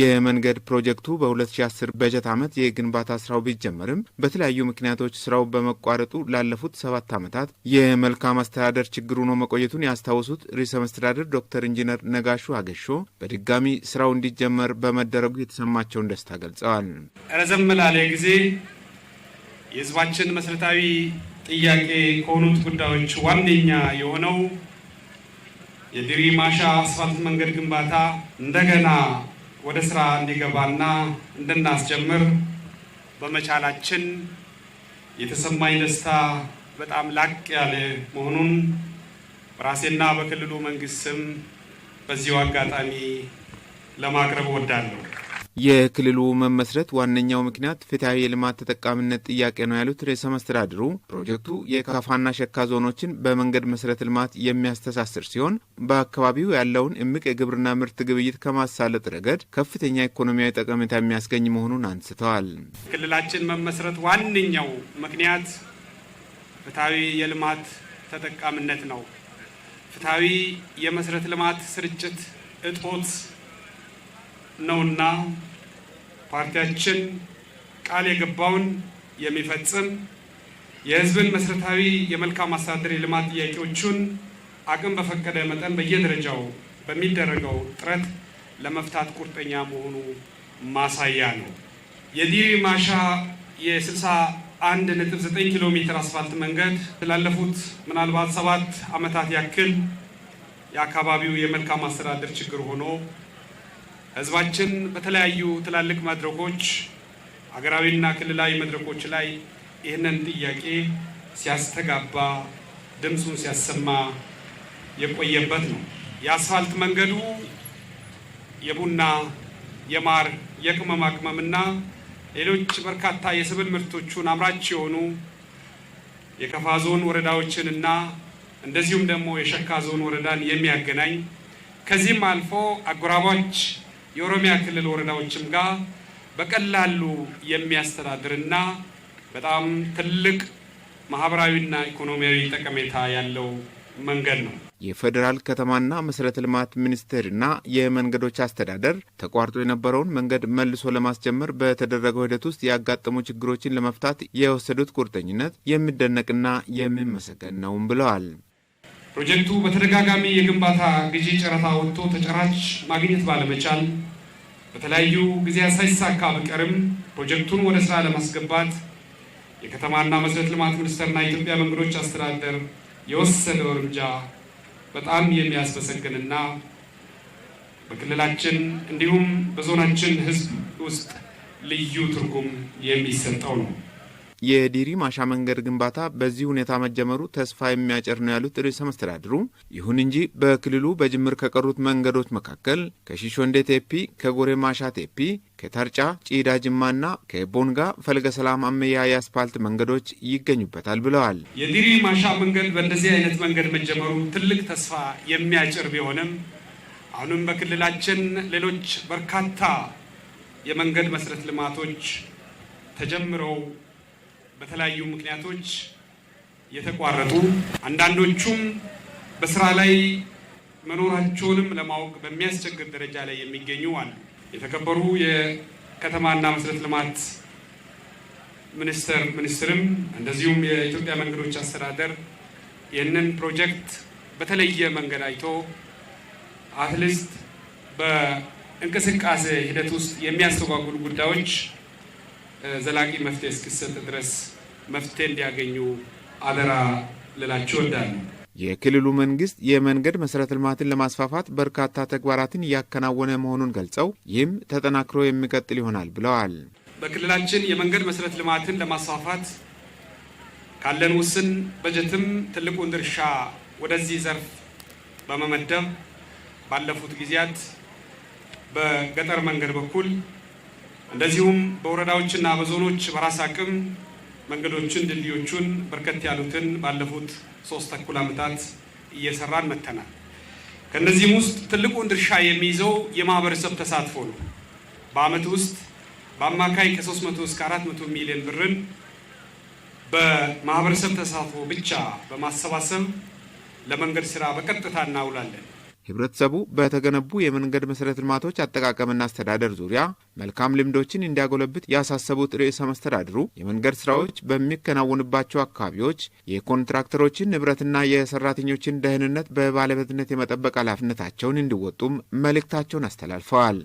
የመንገድ ፕሮጀክቱ በ2010 በጀት ዓመት የግንባታ ስራው ቢጀመርም በተለያዩ ምክንያቶች ስራው በመቋረጡ ላለፉት ሰባት ዓመታት የመልካም አስተዳደር ችግር ሆኖ መቆየቱን ያስታወሱት ርዕሰ መስተዳደር ዶክተር ኢንጂነር ነጋሹ አገሾ በድጋሚ ስራው እንዲጀመር በመደረጉ የተሰማቸውን ደስታ ገልጸዋል። ረዘም ላለ ጊዜ የህዝባችን መሰረታዊ ጥያቄ ከሆኑት ጉዳዮች ዋነኛ የሆነው የድሪ ማሻ አስፋልት መንገድ ግንባታ እንደገና ወደ ስራ እንዲገባና እንድናስጀምር በመቻላችን የተሰማኝ ደስታ በጣም ላቅ ያለ መሆኑን በራሴና በክልሉ መንግስት ስም በዚሁ አጋጣሚ ለማቅረብ እወዳለሁ። የክልሉ መመስረት ዋነኛው ምክንያት ፍትሐዊ የልማት ተጠቃሚነት ጥያቄ ነው ያሉት ርዕሰ መስተዳድሩ ፕሮጀክቱ የካፋና ሸካ ዞኖችን በመንገድ መሰረተ ልማት የሚያስተሳስር ሲሆን በአካባቢው ያለውን እምቅ የግብርና ምርት ግብይት ከማሳለጥ ረገድ ከፍተኛ ኢኮኖሚያዊ ጠቀሜታ የሚያስገኝ መሆኑን አንስተዋል። ክልላችን መመስረት ዋነኛው ምክንያት ፍትሐዊ የልማት ተጠቃሚነት ነው። ፍትሐዊ የመሰረተ ልማት ስርጭት እጦት ነውና ፓርቲያችን ቃል የገባውን የሚፈጽም የህዝብን መሰረታዊ የመልካም አስተዳደር የልማት ጥያቄዎቹን አቅም በፈቀደ መጠን በየደረጃው በሚደረገው ጥረት ለመፍታት ቁርጠኛ መሆኑ ማሳያ ነው። የዲሪ ማሻ የ61.9 ኪሎ ሜትር አስፋልት መንገድ ላለፉት ምናልባት ሰባት ዓመታት ያክል የአካባቢው የመልካም አስተዳደር ችግር ሆኖ ህዝባችን በተለያዩ ትላልቅ መድረኮች አገራዊና ክልላዊ መድረኮች ላይ ይህንን ጥያቄ ሲያስተጋባ ድምፁን ሲያሰማ የቆየበት ነው። የአስፋልት መንገዱ የቡና፣ የማር፣ የቅመማ ቅመምና ሌሎች በርካታ የሰብል ምርቶቹን አምራች የሆኑ የከፋ ዞን ወረዳዎችን እና እንደዚሁም ደግሞ የሸካ ዞን ወረዳን የሚያገናኝ ከዚህም አልፎ አጎራባች የኦሮሚያ ክልል ወረዳዎችም ጋር በቀላሉ የሚያስተዳድርና በጣም ትልቅ ማህበራዊና ኢኮኖሚያዊ ጠቀሜታ ያለው መንገድ ነው። የፌዴራል ከተማና መሰረተ ልማት ሚኒስቴርና የመንገዶች አስተዳደር ተቋርጦ የነበረውን መንገድ መልሶ ለማስጀመር በተደረገው ሂደት ውስጥ ያጋጠሙ ችግሮችን ለመፍታት የወሰዱት ቁርጠኝነት የሚደነቅና የሚመሰገን ነውም ብለዋል። ፕሮጀክቱ በተደጋጋሚ የግንባታ ግዢ ጨረታ ወጥቶ ተጨራጭ ማግኘት ባለመቻል በተለያዩ ጊዜያት ሳይሳካ ቢቀርም ፕሮጀክቱን ወደ ስራ ለማስገባት የከተማና መሰረተ ልማት ሚኒስቴርና የኢትዮጵያ መንገዶች አስተዳደር የወሰደው እርምጃ በጣም የሚያስመሰግንና በክልላችን እንዲሁም በዞናችን ሕዝብ ውስጥ ልዩ ትርጉም የሚሰጠው ነው። የዲሪ ማሻ መንገድ ግንባታ በዚህ ሁኔታ መጀመሩ ተስፋ የሚያጭር ነው ያሉት ርዕሰ መስተዳድሩ፣ ይሁን እንጂ በክልሉ በጅምር ከቀሩት መንገዶች መካከል ከሺሾንዴ ቴፒ፣ ከጎሬ ማሻ ቴፒ፣ ከታርጫ ጪዳ ጅማና ከቦንጋ ፈልገ ሰላም አመያ የአስፓልት መንገዶች ይገኙበታል ብለዋል። የዲሪ ማሻ መንገድ በእንደዚህ አይነት መንገድ መጀመሩ ትልቅ ተስፋ የሚያጭር ቢሆንም አሁንም በክልላችን ሌሎች በርካታ የመንገድ መሰረተ ልማቶች ተጀምረው በተለያዩ ምክንያቶች የተቋረጡ አንዳንዶቹም በስራ ላይ መኖራቸውንም ለማወቅ በሚያስቸግር ደረጃ ላይ የሚገኙ አሉ። የተከበሩ የከተማና መሰረተ ልማት ሚኒስተር ሚኒስትርም እንደዚሁም የኢትዮጵያ መንገዶች አስተዳደር ይህንን ፕሮጀክት በተለየ መንገድ አይቶ አትሊስት በእንቅስቃሴ ሂደት ውስጥ የሚያስተጓጉሉ ጉዳዮች ዘላቂ መፍትሄ እስክሰጥ ድረስ መፍትሄ እንዲያገኙ አደራ ልላችሁ እወዳለሁ። የክልሉ መንግስት የመንገድ መሰረተ ልማትን ለማስፋፋት በርካታ ተግባራትን እያከናወነ መሆኑን ገልጸው ይህም ተጠናክሮ የሚቀጥል ይሆናል ብለዋል። በክልላችን የመንገድ መሰረተ ልማትን ለማስፋፋት ካለን ውስን በጀትም ትልቁን ድርሻ ወደዚህ ዘርፍ በመመደብ ባለፉት ጊዜያት በገጠር መንገድ በኩል እንደዚሁም በወረዳዎችና በዞኖች በራስ አቅም መንገዶችን፣ ድልድዮቹን በርከት ያሉትን ባለፉት ሶስት ተኩል ዓመታት እየሰራን መጥተናል። ከእነዚህም ውስጥ ትልቁን ድርሻ የሚይዘው የማህበረሰብ ተሳትፎ ነው። በአመት ውስጥ በአማካይ ከ300 እስከ 400 ሚሊዮን ብርን በማህበረሰብ ተሳትፎ ብቻ በማሰባሰብ ለመንገድ ስራ በቀጥታ እናውላለን። ህብረተሰቡ በተገነቡ የመንገድ መሰረተ ልማቶች አጠቃቀምና አስተዳደር ዙሪያ መልካም ልምዶችን እንዲያጎለብት ያሳሰቡት ርዕሰ መስተዳድሩ የመንገድ ስራዎች በሚከናወንባቸው አካባቢዎች የኮንትራክተሮችን ንብረትና የሰራተኞችን ደህንነት በባለቤትነት የመጠበቅ ኃላፊነታቸውን እንዲወጡም መልእክታቸውን አስተላልፈዋል።